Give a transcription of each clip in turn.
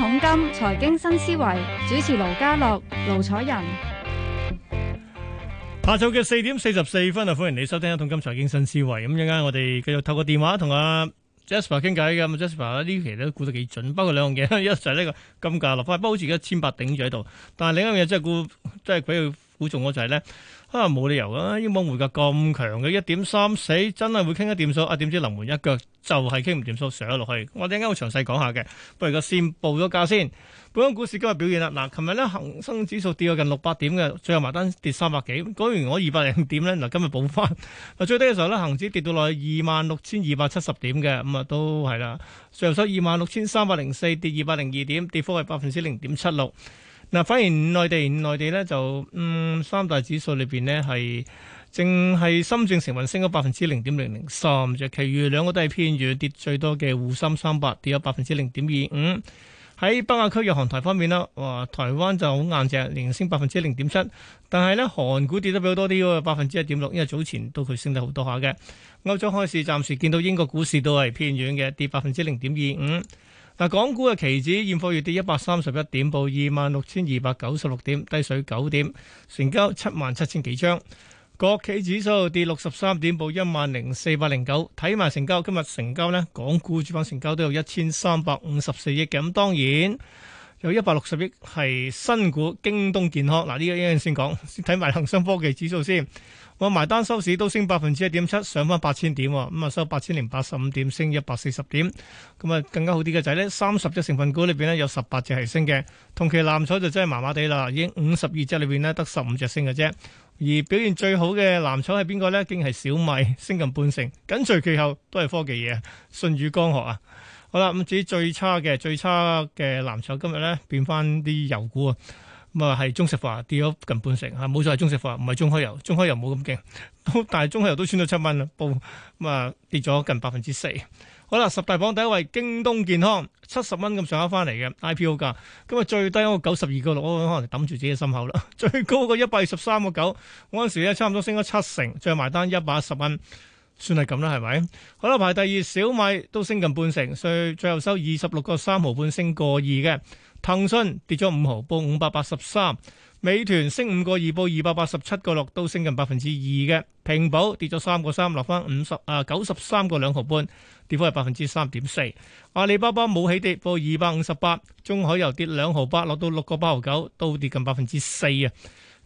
統金財經新思維主持盧家樂、盧楚仁，下晝嘅四點四十四分啊！歡迎你收聽一《統金財經新思維》咁一陣間我哋繼續透過電話同阿 Jasper 傾偈嘅咁，Jasper 呢期都估得幾準，包括兩樣嘢，一就係呢個金價落翻，包括好似而家千八頂咗喺度，但係另一樣嘢真係估真係俾佢估中嗰就係、是、咧。啊，冇理由啊！英鎊匯價咁強嘅一點三四真係會傾得掂數啊！點知臨門一腳就係傾唔掂數上落去。我哋陣間會詳細講下嘅，不如個線報咗價先。本港股市今日表現啦。嗱，琴日呢恒生指數跌咗近六百點嘅，最後埋單跌三百幾。講完我二百零點呢，嗱，今日補翻。嗱最低嘅時候呢，恒指跌到落去二萬六千二百七十點嘅，咁啊都係啦。上收二萬六千三百零四，跌二百零二點，跌幅係百分之零點七六。嗱，反而內地內地咧就嗯三大指數裏邊呢，係，淨係深證成分升咗百分之零點零零三，就其餘兩個都係偏軟，跌最多嘅滬深三百跌咗百分之零點二五。喺北亞區日韓台方面咧，哇，台灣就好硬淨，零升百分之零點七，但係咧韓股跌得比較多啲喎，百分之一點六，因為早前都佢升得好多下嘅。歐洲開市暫時見到英國股市都係偏軟嘅，跌百分之零點二五。嗱，港股嘅期指現貨月跌一百三十一點，報二萬六千二百九十六點，低水九點，成交七萬七千幾張。國企指數跌六十三點，報一萬零四百零九。睇埋成交，今日成交呢，港股主板成交都有一千三百五十四億嘅。咁當然。有一百六十億係新股京東健康。嗱，呢個一樣先講，睇埋恒生科技指數先。我埋單收市都升百分之一點七，上翻八千點，咁啊收八千零八十五點，升一百四十點，咁啊更加好啲嘅就係呢三十隻成分股裏邊呢，有十八隻係升嘅，同期藍籌就真係麻麻地啦，已經五十二隻裏邊呢得十五隻升嘅啫，而表現最好嘅藍籌係邊個呢？竟然係小米，升近半成，緊隨其後都係科技嘢，舜宇光學啊。好啦，咁至於最差嘅最差嘅藍籌，今日咧變翻啲油股啊，咁啊係中石化跌咗近半成嚇，冇錯係中石化，唔係中海油，中海油冇咁勁，但係中海油都穿咗七蚊啦，報，咁啊跌咗近百分之四。好啦，十大榜第一位，京東健康七十蚊咁上下翻嚟嘅 IPO 價，今日最低嗰個九十二個六，我可能揼住自己心口啦。最高個一百二十三個九，嗰陣時咧差唔多升咗七成，再埋單一百一十蚊。算係咁啦，係咪？好啦，排第二，小米都升近半成，所最後收二十六個三毫半，升過二嘅。騰訊跌咗五毫，報五百八十三；美團升五個二，報二百八十七個六，都升近百分之二嘅。平保跌咗三個三，落翻五十啊九十三個兩毫半，跌幅係百分之三點四。阿里巴巴冇起跌，報二百五十八；中海油跌兩毫八，落到六個八毫九，都跌近百分之四啊。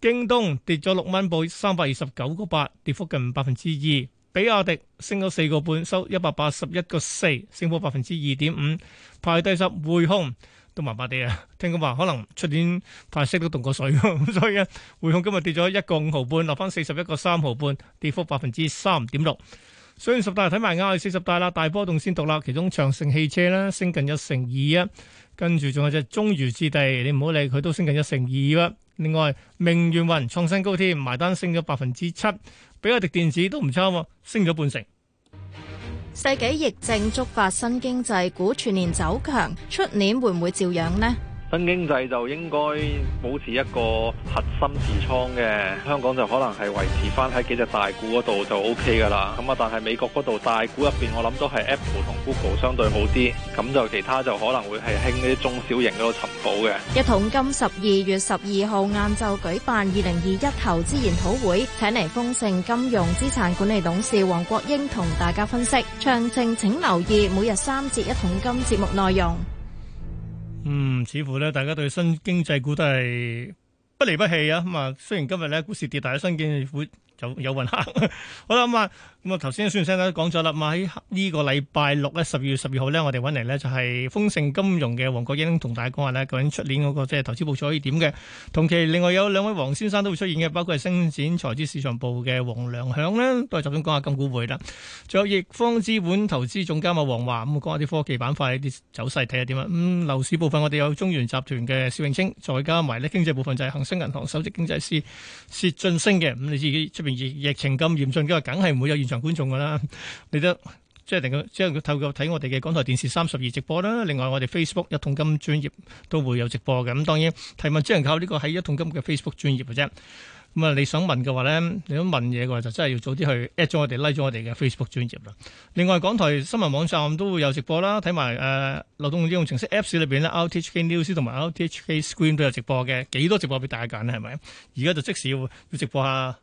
京東跌咗六蚊，報三百二十九個八，跌幅近百分之二。比亞迪升咗四個半，收一百八十一個四，升幅百分之二點五。排第十匯控都麻麻地啊，聽講話可能出年派息都凍過水， 所以咧匯控今日跌咗一個五毫半，落翻四十一個三毫半，跌幅百分之三點六。所以十大睇埋亞係四十大啦，大波動先獨立。其中長城汽車咧升近 2, 一成二啊，跟住仲有隻中渝置地，你唔好理佢都升近一成二啊。另外，明源雲創新高添，埋單升咗百分之七，比亞迪電子都唔差，升咗半成。世紀疫症觸發新經濟股全年走強，出年會唔會照樣呢？新經濟就應該保持一個核心持倉嘅，香港就可能係維持翻喺幾隻大股嗰度就 OK 噶啦。咁啊，但係美國嗰度大股入邊，我諗都係 Apple 同 Google 相對好啲，咁就其他就可能會係興啲中小型嗰個尋寶嘅。一桶金十二月十二號晏晝舉辦二零二一投資研討會，請嚟豐盛金融資產管理董事黃國英同大家分析。詳情請留意每日三節一桶金節目內容。嗯，似乎咧，大家對新經濟股都係不離不棄啊！咁啊，雖然今日咧，股市跌大，新經濟股。有有運行，好啦咁啊，咁啊頭先孫先生都講咗啦，嘛喺呢個禮拜六咧，十二月十二號咧，我哋揾嚟呢就係豐盛金融嘅黃國英同大家講下呢，究竟出年嗰個即係投資部署可以點嘅。同期另外有兩位黃先生都會出現嘅，包括係星展財資市場部嘅王良享呢，都係集中講下金股匯啦。仲有易方資本投資總監王華咁講下啲科技板塊啲走勢睇下點啊。嗯，樓市部分我哋有中原集團嘅施永青，再加埋呢經濟部分就係恒生銀行首席經濟師薛俊升嘅。咁你自己出面。疫情咁嚴峻，佢梗係唔會有現場觀眾噶啦。你都即係，能夠即係透過睇我哋嘅港台電視三十二直播啦。另外，我哋 Facebook 一桶金專業都會有直播嘅。咁當然提問只能靠呢個喺一桶金嘅 Facebook 專業嘅啫。咁啊，你想問嘅話咧，你想問嘢嘅話就真係要早啲去 at 咗我哋拉咗我哋嘅 Facebook 專業啦。另外，港台新聞網站都會有直播啦，睇埋誒流動應用程式 Apps 裏邊咧，RTHK News 同埋 RTHK Screen 都有直播嘅。幾多直播俾大家揀咧？係咪而家就即使要直播下？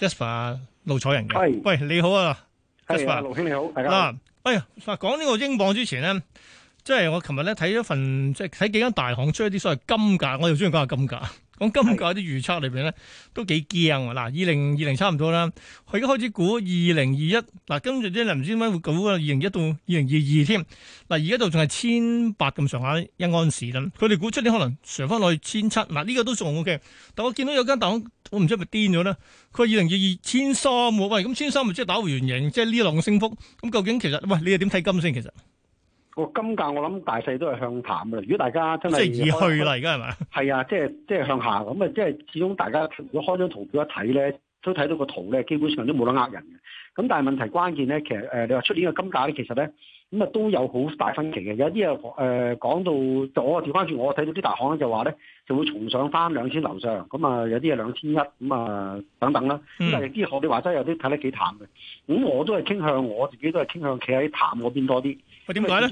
Jasper 盧楚仁嘅，Hey. 喂你好啊，Jasper 盧、hey, 兄你好。大家嗱、啊，哎呀，講呢個英鎊之前咧，即係我琴日咧睇咗份，即係睇幾間大行出一啲所謂金價，我哋中意講下金價。咁今屆啲預測裏邊咧都幾驚喎，嗱二零二零差唔多啦，佢而家開始估二零二一，嗱今日呢唔知點解會估二零一到二零二二添，嗱而家度仲係千八咁上下一安士啦，佢哋估出年可能上翻落去千七，嗱、這、呢個都仲 OK，但我見到有間大行，我唔知係咪癲咗啦。佢話二零二二千三喎，喂，咁千三咪即係打回原形，即係呢浪嘅升幅，咁究竟其實喂，你又點睇金先其實？個金價我諗大細都係向淡嘅，如果大家真係已去啦，而家係咪？係 啊，即係即係向下咁啊！即係始終大家如果開張圖表一睇咧。都睇到個圖咧，基本上都冇得呃人嘅。咁但係問題關鍵咧，其實誒、呃、你話出年嘅金價咧，其實咧咁啊都有好大分歧嘅。有啲啊誒講到，我調翻轉我睇到啲大行就話咧就會重上翻兩千樓上，咁啊有啲係兩千一咁啊等等啦。但係啲學你話齋有啲睇得幾淡嘅，咁、嗯、我都係傾向，我自己都係傾向企喺淡嗰邊多啲。喂，點解咧？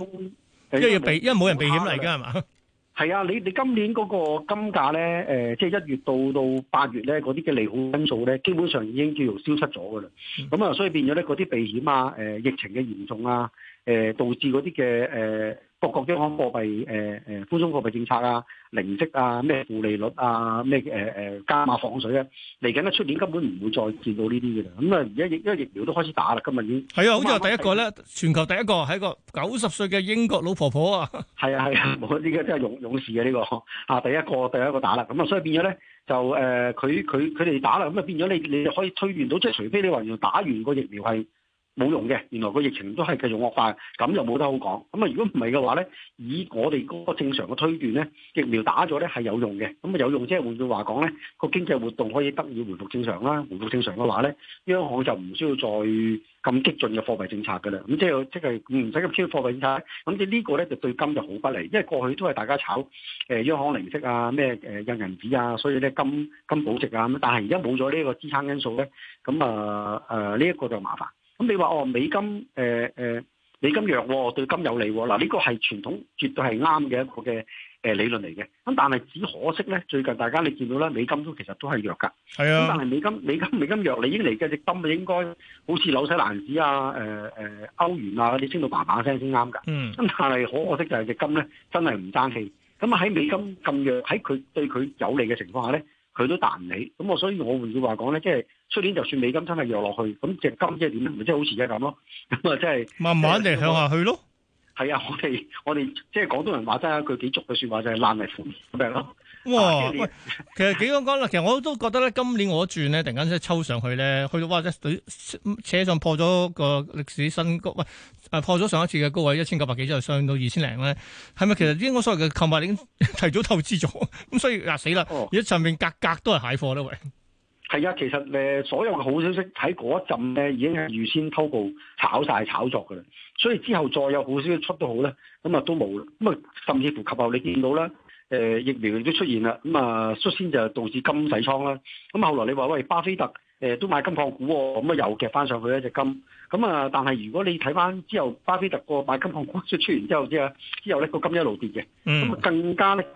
因為，因為避，因為冇人避險嚟㗎係嘛？為 係啊，你你今年嗰個金價咧，誒、呃，即係一月到到八月咧，嗰啲嘅利好因素咧，基本上已經叫做消失咗㗎啦。咁啊，所以變咗咧，嗰啲避險啊，誒、呃，疫情嘅嚴重啊，誒、呃，導致嗰啲嘅誒，呃各國央行貨幣誒誒寬鬆貨幣政策啊，零息啊，咩負利率啊，咩誒誒加碼放水咧、啊，嚟緊咧出年根本唔會再見到呢啲嘅啦。咁啊而家疫因為疫苗都開始打啦，今日已經係啊，好似話第一個咧，全球第一個係一個九十歲嘅英國老婆婆啊。係啊係啊，呢個、啊、真係勇勇士嘅、啊、呢、這個啊，第一個第一個打啦。咁啊，所以變咗咧就誒，佢佢佢哋打啦，咁啊變咗你你可以推斷到，即係除非你話要打完個疫苗係。冇用嘅，原來個疫情都係繼續惡化，咁就冇得好講。咁啊，如果唔係嘅話咧，以我哋嗰個正常嘅推斷咧，疫苗打咗咧係有用嘅。咁啊有用即係換句話講咧，個經濟活動可以得以回復正常啦。回復正常嘅話咧，央行就唔需要再咁激進嘅貨幣政策㗎啦。咁即係即係唔使咁超貨幣政策。咁即呢個咧就對金就好不利，因為過去都係大家炒誒、呃、央行零息啊、咩誒、呃、印銀紙啊，所以咧金金保值啊。咁但係而家冇咗呢個支撐因素咧，咁啊誒呢一個就麻煩。咁你話哦，美金誒誒、呃呃，美金弱喎、哦，對金有利喎、哦。嗱，呢個係傳統絕對係啱嘅一個嘅誒、呃、理論嚟嘅。咁但係只可惜咧，最近大家你見到咧，美金都其實都係弱㗎。係啊。咁但係美金，美金，美金弱，你已經嚟嘅隻金應該好似紐西蘭紙啊、誒、呃、誒歐元啊嗰啲升到叭叭聲先啱㗎。嗯。咁但係可惜就係隻金咧真係唔爭氣。咁啊喺美金咁弱，喺佢對佢有利嘅情況下咧。佢都彈你，咁我所以我換句話講咧，即係出年就算美金真係弱落去，咁隻金即係點咧？咪、就是、 即係好似而家咁咯，咁啊即係慢慢地向下去咯。係啊，我哋我哋即係廣東人話齋一句幾俗嘅説話就係、是、爛泥扶唔定咯。喂哇、啊，其實幾想講啦，其實我都覺得咧，今年我一轉咧，突然間即係抽上去咧，去到哇一車上破咗個歷史新高，喂、啊，誒破咗上一次嘅高位一千九百幾，就上到二千零咧，係咪其實應該所謂嘅購買力提早透支咗，咁 所以壓、啊、死啦，而家上面格格都係蟹貨咧，喂，係啊，其實誒、呃、所有嘅好消息喺嗰一陣咧已經係預先偷步炒晒炒作嘅啦，所以之後再有好消息出都好咧，咁啊都冇啦，咁啊甚至乎及後你見到啦。誒，疫苗都出現啦，咁啊，率先就導致金洗倉啦。咁後來你話喂，巴菲特，誒都買金礦股喎，咁啊又夾翻上去一隻金。咁啊，但係如果你睇翻之後，巴菲特個買金礦股出完之後之後咧，個金一路跌嘅，咁啊更加咧。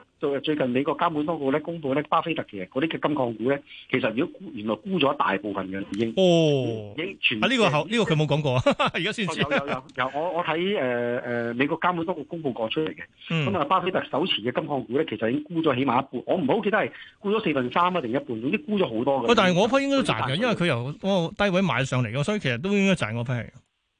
最近美國監管當局咧公佈咧，巴菲特其實嗰啲嘅金礦股咧，其實如果沽原來沽咗大部分嘅已經哦，已經、哦、已經全啊呢個後呢個佢冇講過啊，而家先知有有有，我我睇誒誒美國監管當局公佈過出嚟嘅，咁啊、嗯、巴菲特手持嘅金礦股咧，其實已經沽咗起碼一半，我唔好記得係沽咗四分三啊定一半，總之沽咗好多嘅、哦。但係我批應該都賺嘅，因為佢由低位買上嚟嘅，所以其實都應該賺我批係。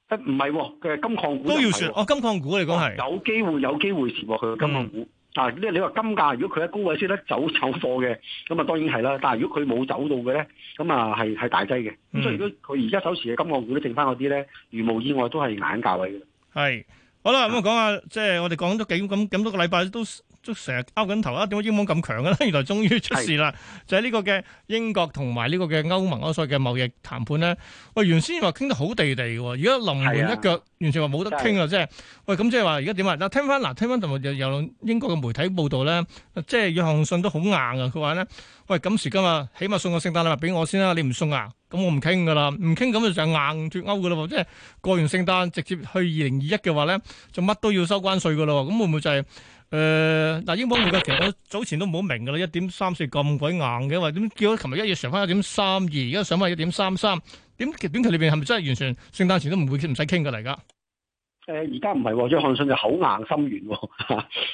誒唔係喎，嘅、哦、金礦股都要算哦，金礦股嚟講係有機會有機會蝕喎，嘅金礦股。嗯。啊！呢你話金價，如果佢喺高位先咧走走貨嘅，咁啊當然係啦。但係如果佢冇走到嘅咧，咁啊係係大劑嘅。咁、嗯、所以如果佢而家手持嘅金礦股都剩翻嗰啲咧，如無意外都係眼價位嘅。係好啦，咁、嗯、啊講下即係我哋講咗幾咁咁多個禮拜都。就成日勾緊頭啦，點、啊、解英文咁強嘅咧？原來終於出事啦，是就係呢個嘅英國同埋呢個嘅歐盟嗰所嘅貿易談判咧。喂，原先話傾得好地地嘅，而家臨門一腳，啊、完全話冇得傾啊是！即係喂，咁即係話而家點啊？嗱，聽翻嗱，聽翻同埋由英國嘅媒體報道咧，即係約翰信都好硬啊！佢話咧，喂，今時今日起碼送個聖誕禮物俾我先啦，你唔送啊？咁我唔傾噶啦，唔傾咁就硬脱歐嘅咯喎！即係過完聖誕直接去二零二一嘅話咧，就乜都要收關稅嘅咯喎！咁會唔會就係、是？誒嗱、呃啊，英鎊嚟嘅，其實早前都冇明嘅啦，一點三四咁鬼硬嘅，話點叫咗？琴日一夜上翻一點三二，而家上翻一點三三。點短期裏邊係咪真係完全聖誕前都唔會唔使傾嘅嚟㗎？誒而家唔係喎，張漢信就口硬心軟喎，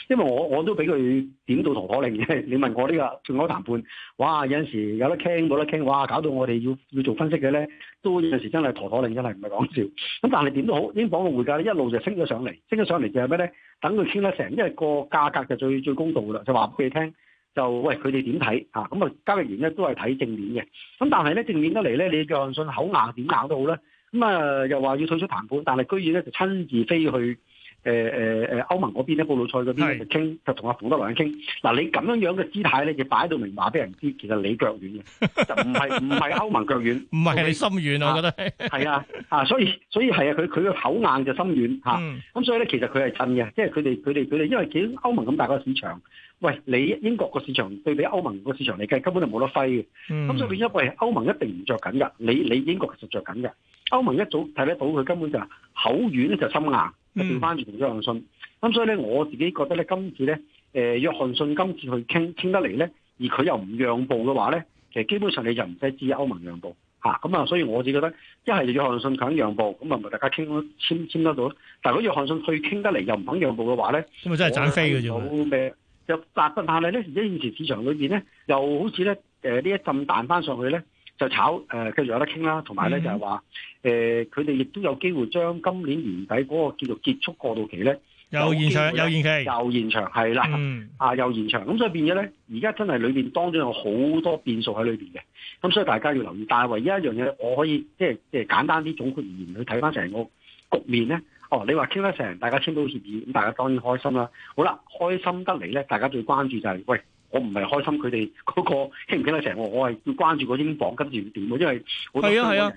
因為我我都俾佢點到陀陀令嘅。你問我呢個最後談判，哇有陣時有得傾冇得傾，哇搞到我哋要要做分析嘅咧，都有陣時真係陀陀令，真係唔係講笑。咁但係點都好，英鎊嘅匯價一路就升咗上嚟，升咗上嚟就係咩咧？等佢傾得成，因為個價格就最最公道噶啦，就話俾你聽，就喂佢哋點睇嚇？咁啊交易員咧都係睇正面嘅。咁但係咧正面得嚟咧，你張漢信口硬點硬都好咧。咁啊，又話要退出談判，但係居然咧就親自飛去誒誒誒歐盟嗰邊咧，布魯塞嗰邊嚟傾，就同阿馮德萊恩傾。嗱，你咁樣樣嘅姿態咧，就擺到明話俾人知，其實你腳軟嘅，就唔係唔係歐盟腳軟，唔係你心軟，我覺得係啊，啊，所以所以係啊，佢佢個口硬就心軟嚇。咁所以咧，其實佢係真嘅，即係佢哋佢哋佢哋，因為見歐盟咁大個市場，喂，你英國個市場對比歐盟個市場嚟計，根本就冇得揮嘅。咁所以佢因為歐盟一定唔着緊㗎，你你英國其實着緊㗎。歐盟一早睇得到佢根本就口軟就心硬，變翻同約翰遜。咁所以咧，我自己覺得咧，今次咧，誒約翰遜今次去傾傾得嚟咧，而佢又唔讓步嘅話咧，其實基本上你就唔使指歐盟讓步嚇。咁啊，所以我只覺得一係約翰遜肯讓步，咁啊咪大家傾都簽簽得到咯。但係如果約翰遜去傾得嚟又唔肯讓步嘅話咧，咁咪、嗯、真係盞飛嘅啫。咩又但得，怕你咧，而家現時市場裏邊咧，又好似咧誒呢一陣彈翻上去咧。就炒，誒、呃，繼續有得傾啦。同埋咧，就係話，誒、呃，佢哋亦都有機會將今年年底嗰個叫做結束過渡期咧，又延長，又延期，又延長，係啦，啊，又延長。咁所以變咗咧，而家真係裏邊當中有好多變數喺裏邊嘅。咁所以大家要留意。但係唯一一樣嘢，我可以即係即係簡單啲總括而言去睇翻成個局面咧。哦，你話傾得成，大家簽到協議，咁大家當然開心啦。好啦，開心得嚟咧，大家最關注就係、是，喂。我唔係開心、那個，佢哋嗰個傾唔傾得成，我係要關注個英鎊跟住點，因為好多香港人，係啊，係啊，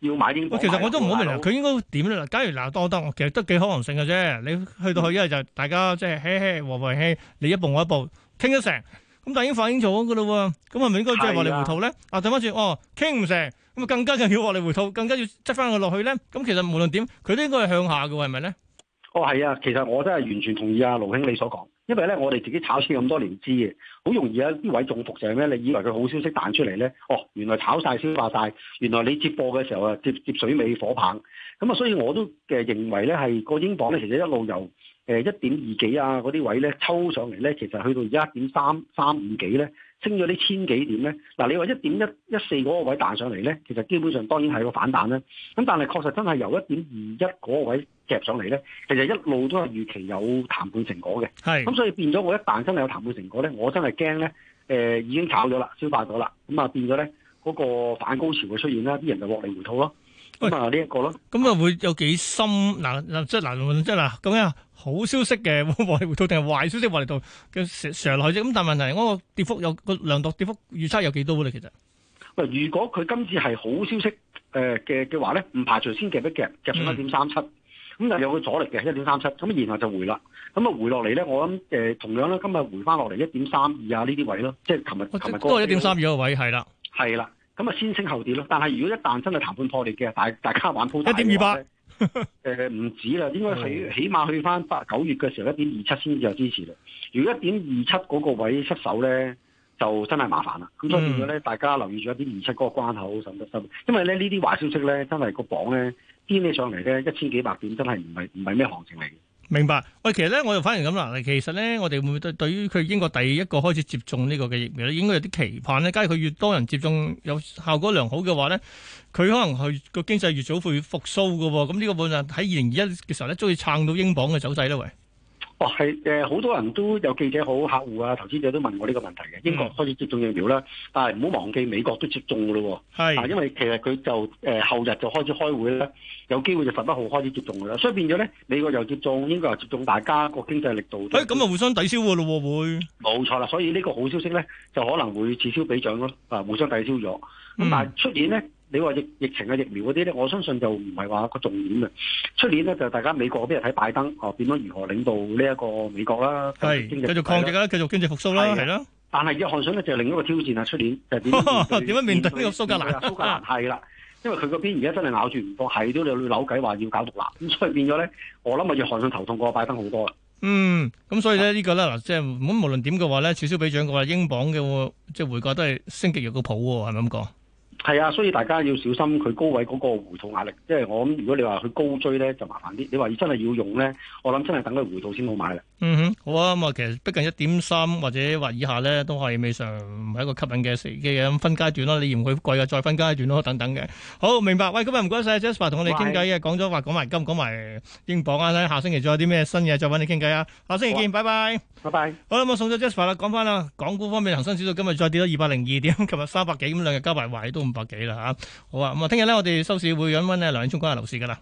要要買英鎊。其實我都唔好明，佢到應該點咧？假如嗱多得，其實都幾可能性嘅啫。你去到去、嗯、因為就大家即係嘿嘿和和氣，你一步我一步傾得成，咁但已經反映咗好噶啦喎，咁係咪應該即係話嚟回套」咧？啊，對翻轉哦，傾唔成，咁更加嘅要話嚟回套」，更加要執翻佢落去咧。咁其實無論點，佢都應該係向下嘅，係咪咧？哦，係啊，其實我真係完全同意阿、啊、盧兄你所講，因為咧，我哋自己炒先咁多年知嘅，好容易啊，位呢位中伏就係咩？你以為佢好消息彈出嚟咧，哦，原來炒晒先化晒，原來你接貨嘅時候啊，接接水尾火棒，咁、嗯、啊，所以我都嘅認為咧，係個英鎊咧，其實一路由。誒，一點二幾啊嗰啲位咧抽上嚟咧，其實去到而家一點三三五幾咧，升咗呢千幾點咧。嗱、啊，你話一點一一四嗰個位彈上嚟咧，其實基本上當然係個反彈啦、啊。咁但係確實真係由一點二一嗰個位夾上嚟咧，其實一路都係預期有談判成果嘅。係是。咁所以變咗，我一旦真係有談判成果咧，我真係驚咧，誒、呃、已經炒咗啦，消化咗啦。咁啊變咗咧，嗰、那個反高潮嘅出現啦，啲人就獲利回吐咯。咁啊呢一個咯，咁啊會有幾深？嗱、啊，即係，嗱，即係，嗱 Moon，咁樣好消息嘅話嚟到，定係壞消息話嚟到？嘅成常來啫。咁但係問題，我個跌幅有個量度跌幅預測有幾多咧？其實，喂，如果佢今次係好消息誒嘅話咧，唔排除先夾一夾，夾一點三七，咁但係有個阻力嘅一點三七，咁然後就回啦。咁啊回落嚟咧，我諗誒同樣咧，今日回翻落嚟一點三二啊呢啲位咯，即係琴日琴日都係一點三二嘅位係啦，係啦。咁啊，先升後跌咯。但係如果一旦真係談判破裂嘅，大大家玩鋪大嘅話，一點二八誒唔止啦。應該起起碼去翻八九月嘅時候，一點二七先至有支持啦。如果一點二七嗰個位出手咧，就真係麻煩啦。咁所以咧，大家留意咗一點二七嗰個關口，得什。因為咧呢啲壞消息咧，真係個榜咧，堅起上嚟咧，一千幾百點真係唔係唔係咩行情嚟。明白喂，其實咧，我就反而咁啦。其實咧，我哋會唔會對對於佢英國第一個開始接種呢個嘅疫苗咧，應該有啲期盼咧。假如佢越多人接種，有效果良好嘅話咧，佢可能佢個經濟越早會復甦噶。咁、嗯、呢、這個本身喺二零二一嘅時候咧，都要撐到英鎊嘅走勢咧，喂。係誒，好、哦呃、多人都有記者好、客戶啊、投資者都問我呢個問題嘅。英國開始接種疫苗啦，嗯、但係唔好忘記美國都接種㗎咯。係啊是，因為其實佢就誒、呃、後日就開始開會啦，有機會就十一號開始接種㗎啦。所以變咗咧，美國又接種，英國又接種，大家個經濟力度誒咁啊，互相抵消㗎咯，會冇錯啦。所以呢個好消息咧，就可能會此消彼長咯，啊，互相抵消咗。咁但係出現咧。你話疫疫情嘅疫苗嗰啲咧，我相信就唔係話個重點嘅。出年咧就大家美國嗰邊睇拜登啊、呃，點樣如何領導呢一個美國啦。係，繼續抗疫啦、啊，繼續經濟復甦啦，係咯的。的但係約翰遜咧就係、另一個挑戰啊！出年就點點樣面對呢個、啊、蘇格蘭？蘇格蘭係啦，因為佢嗰邊而家真係咬住唔放，係都要扭計話要搞獨立，咁所以變咗咧，我諗啊，約翰遜頭痛過拜登好多啦。嗯，咁所以咧呢、呢個咧即係咁，無論點嘅話咧，此消彼長嘅話，英鎊嘅即係匯價都係升極弱個譜喎，係咪咁講？係啊，所以大家要小心佢高位嗰個回吐壓力。即係我諗，如果你話佢高追咧，就麻煩啲。你話要真係要用咧，我諗真係等佢回吐先好買啦。嗯哼，好啊。咁啊，其實逼近一點三或者或以下咧，都係未嘗唔係一個吸引嘅時機嘅。咁分階段咯，你嫌佢貴啊，再分階段咯，等等嘅。好，明白。喂，今日唔該晒，Jasper 同我哋傾偈啊，講咗話講埋金，講埋英鎊啊，下星期再有啲咩新嘢，再搵你傾偈啊。下星期見，拜拜，拜拜。好、嗯、啦，我送咗 Jasper 啦，講翻啦。港股方面，恒生指數今日再跌咗二百零二點，琴日三百幾，咁兩日加埋位。喺五百幾啦吓，好啊，咁啊，聽日咧，我哋收市會搵一搵咧梁振中關於樓市噶啦。